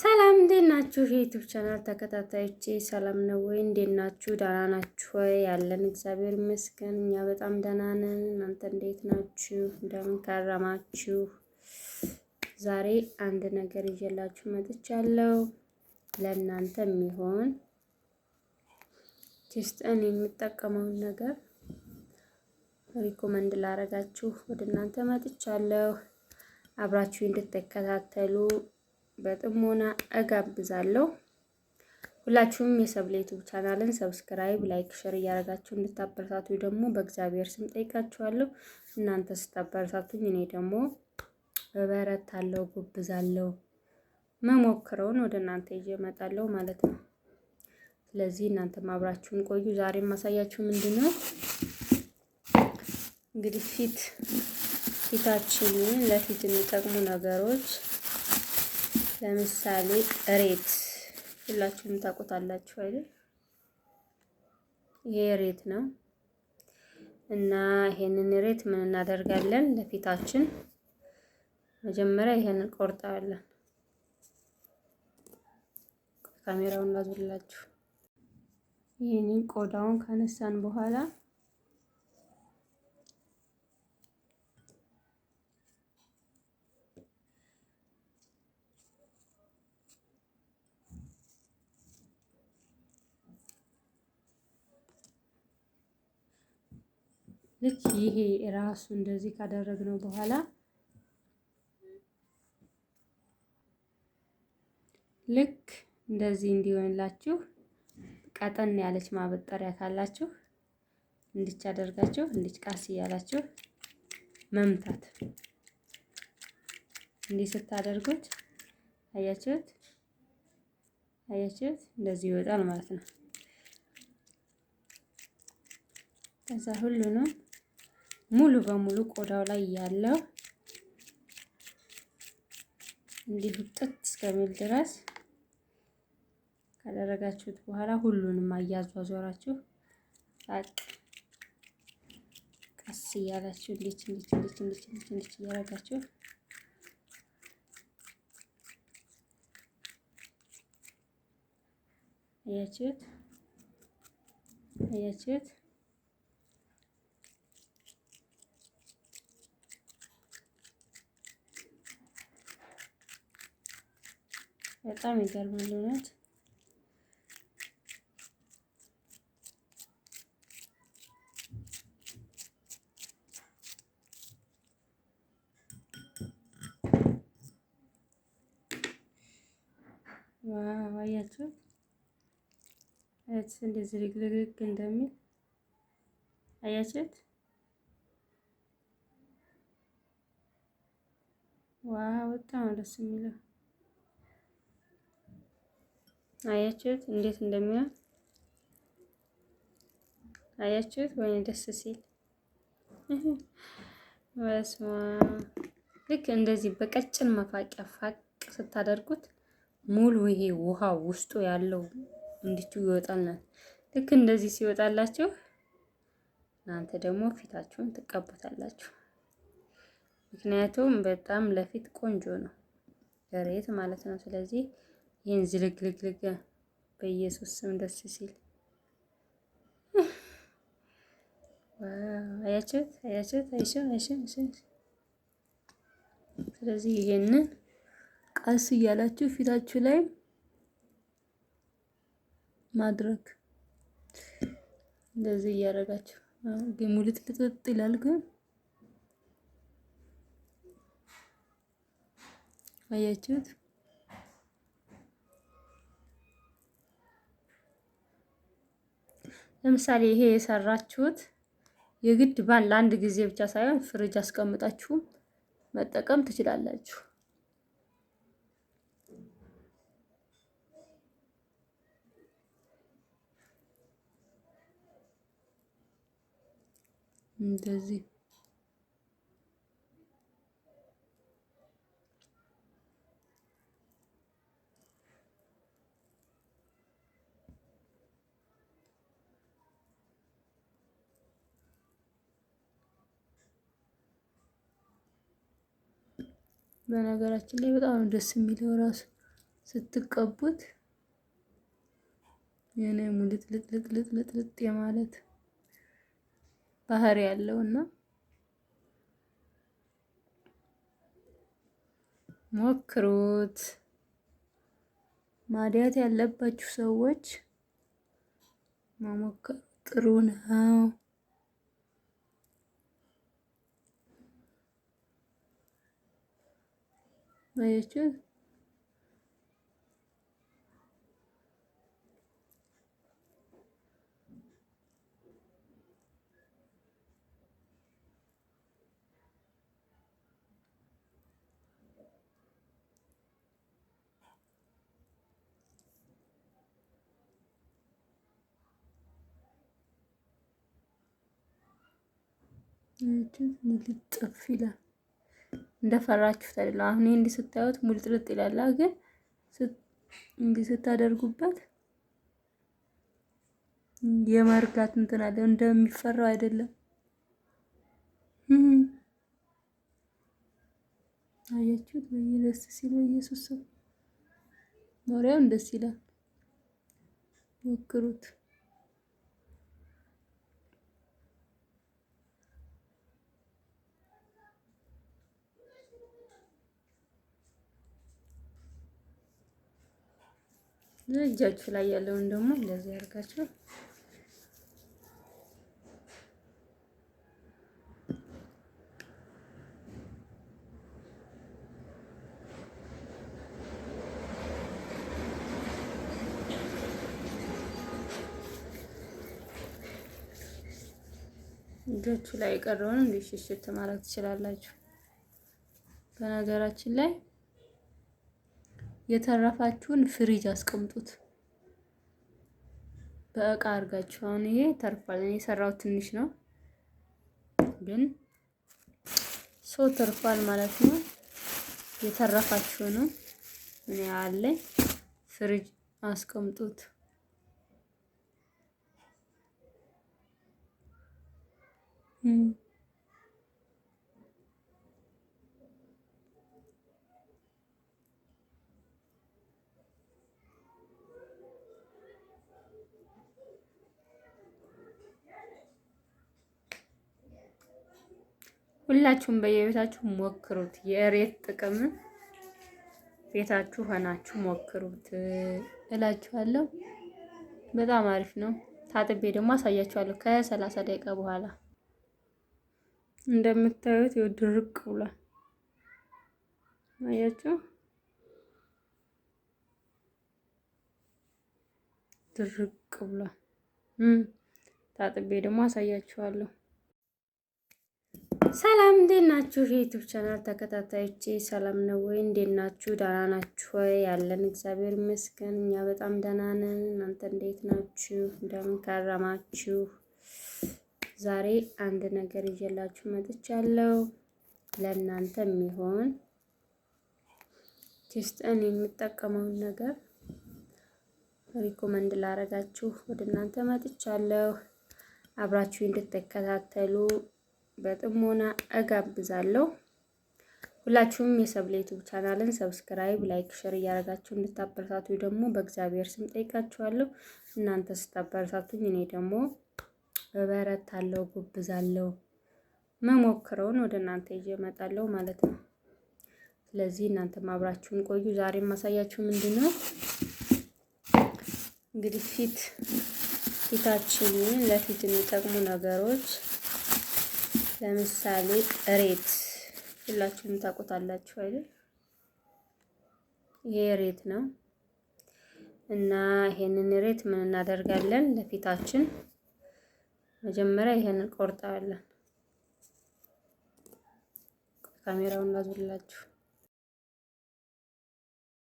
ሰላም እንዴት ናችሁ? የዩቲዩብ ቻናል ተከታታዮቼ ሰላም ነው ወይ? እንዴት ናችሁ? ደህና ናችሁ ወይ? ያለን እግዚአብሔር ይመስገን እኛ በጣም ደህና ነን። እናንተ እንዴት ናችሁ? እንደምን ከረማችሁ? ዛሬ አንድ ነገር ይዤላችሁ መጥቻለሁ። ለእናንተ የሚሆን ቴስትን የምጠቀመውን ነገር ሪኮመንድ ላረጋችሁ ወደ እናንተ መጥቻለሁ። አብራችሁ እንድትከታተሉ በጥሞና እጋብዛለሁ። ሁላችሁም የሰብለ ዩቱብ ቻናልን ሰብስክራይብ፣ ላይክ፣ ሼር እያደረጋችሁ እንድታበረታቱ ደግሞ በእግዚአብሔር ስም ጠይቃችኋለሁ። እናንተ ስታበረታቱኝ እኔ ደግሞ እበረታለሁ፣ ጉብዛለሁ፣ መሞክረውን ወደ እናንተ ይዤ እመጣለሁ ማለት ነው። ስለዚህ እናንተ አብራችሁን ቆዩ። ዛሬ ማሳያችሁ ምንድን ነው እንግዲህ ፊት ፊታችንን ለፊት የሚጠቅሙ ነገሮች ለምሳሌ እሬት ሁላችሁም ታውቁታላችሁ አይደል? ይሄ እሬት ነው እና ይሄንን እሬት ምን እናደርጋለን? ለፊታችን መጀመሪያ ይሄን ቆርጠዋለን። ካሜራውን ላዙላችሁ። ይህንን ቆዳውን ካነሳን በኋላ ልክ ይሄ ራሱ እንደዚህ ካደረግነው በኋላ ልክ እንደዚህ እንዲሆንላችሁ ቀጠን ያለች ማበጠሪያ ካላችሁ እንድች አደርጋችሁ እንድች ቃስ እያላችሁ መምታት እንዲህ ስታደርጉት አያችሁት አያችሁት እንደዚህ ይወጣል ማለት ነው። ከዛ ሁሉንም ሙሉ በሙሉ ቆዳው ላይ ያለው እንዲህ ጥጥ እስከሚል ድረስ ካደረጋችሁት በኋላ ሁሉንም አያዟዟራችሁ ጣቅ ቀስ እያላችሁ እንዴት እንዴት እንዴት እንዴት እንዴት እንዴት እያደረጋችሁ አያችሁት አያችሁት በጣም ይገርማል እውነት። ዋው አያችሁ፣ አያችሁ እንደዚህ ልግልግልግ እንደሚል አያችሁት። ዋው በጣም ደስ የሚለው አያችሁት እንዴት እንደሚሆን አያችሁት? ወይኔ ደስ ሲል በስመ ልክ እንደዚህ በቀጭን መፋቂያ ፋቅ ስታደርጉት ሙሉ ይሄ ውሃ ውስጡ ያለው እንዲቹ ይወጣልናል። ልክ እንደዚህ ሲወጣላችሁ እናንተ ደግሞ ፊታችሁን ትቀቡታላችሁ። ምክንያቱም በጣም ለፊት ቆንጆ ነው እሬት ማለት ነው። ስለዚህ ይህን ዝልግልግልጋ በኢየሱስ ስም ደስ ሲል አያችሁት? አያችሁት? ስለዚህ ይሄንን ቀስ እያላችሁ ፊታችሁ ላይ ማድረግ እንደዚህ እያደረጋችሁ ግን ሙልት ልጥጥ ይላል። ግን አያችሁት? ለምሳሌ ይሄ የሰራችሁት የግድ ባል ለአንድ ጊዜ ብቻ ሳይሆን ፍሪጅ አስቀምጣችሁም መጠቀም ትችላላችሁ። እንደዚህ በነገራችን ላይ በጣም ደስ የሚለው ራሱ ስትቀቡት የሆነ ሙልጥ ልጥልጥ የማለት ባህሪ ያለው እና ሞክሩት። ማዲያት ያለባችሁ ሰዎች መሞከር ጥሩ ነው። አያችሁ አያችሁ ልጥፍ ይላል። እንደፈራችሁት አይደለም። አሁን እንዲህ ስታዩት ጥርጥ ይላል፣ ግን እንዲህ ስታደርጉበት የመርጋት እንትን አለ። እንደሚፈራው አይደለም። አያችሁት? ደስ ሲል ኢየሱስ ሰው ደስ ይላል። ሞክሩት። እጃችሁ ላይ ያለውን ደግሞ እንደዚህ አድርጋችሁ እጃችሁ ላይ የቀረውን እንዲህ ሽሽት ማለት ትችላላችሁ። በነገራችን ላይ የተረፋችሁን ፍሪጅ አስቀምጡት በእቃ አድርጋችሁ። አሁን ይሄ ተርፏል። እኔ የሰራሁት ትንሽ ነው፣ ግን ሰው ተርፏል ማለት ነው። ነው ምን ያለ ፍሪጅ አስቀምጡት። ሁላችሁም በየቤታችሁ ሞክሩት። የእሬት ጥቅም ቤታችሁ ሆናችሁ ሞክሩት እላችኋለሁ። በጣም አሪፍ ነው። ታጥቤ ደግሞ አሳያችኋለሁ ከሰላሳ ደቂቃ በኋላ እንደምታዩት ይኸው ድርቅ ብሏል። አያችሁ ድርቅ ብሏል። ታጥቤ ደግሞ አሳያችኋለሁ። ሰላም እንዴት ናችሁ? የዩቲዩብ ቻናል ተከታታዮቼ ሰላም ነው ወይ? እንዴት ናችሁ? ደህና ናችሁ ወይ? ያለን እግዚአብሔር ይመስገን እኛ በጣም ደህና ነን። እናንተ እንዴት ናችሁ? እንደምን ከረማችሁ? ዛሬ አንድ ነገር ይዤላችሁ መጥቻለሁ። ለእናንተ የሚሆን ቴስትን የምጠቀመውን ነገር ሪኮመንድ ላረጋችሁ ወደ እናንተ መጥቻለሁ። አብራችሁ እንድትከታተሉ በጥሞና እጋብዛለሁ። ሁላችሁም የሰብለ ዩቱብ ቻናልን ሰብስክራይብ፣ ላይክ፣ ሼር እያደረጋችሁ እንድታበረታቱ ደግሞ በእግዚአብሔር ስም ጠይቃችኋለሁ። እናንተ ስታበረታቱኝ እኔ ደግሞ እበረታለሁ፣ ጎብዛለሁ። መሞክረውን ወደ እናንተ ይዤ እመጣለሁ ማለት ነው። ስለዚህ እናንተም አብራችሁን ቆዩ። ዛሬ ማሳያችሁ ምንድን ነው እንግዲህ ፊት ፊታችንን ለፊት የሚጠቅሙ ነገሮች ለምሳሌ ሬት ሁላችሁም ታውቁታላችሁ አይደል? ይሄ ሬት ነው እና ይሄንን ሬት ምን እናደርጋለን? ለፊታችን መጀመሪያ ይሄን ቆርጠዋለን። ካሜራውን ላዙላችሁ።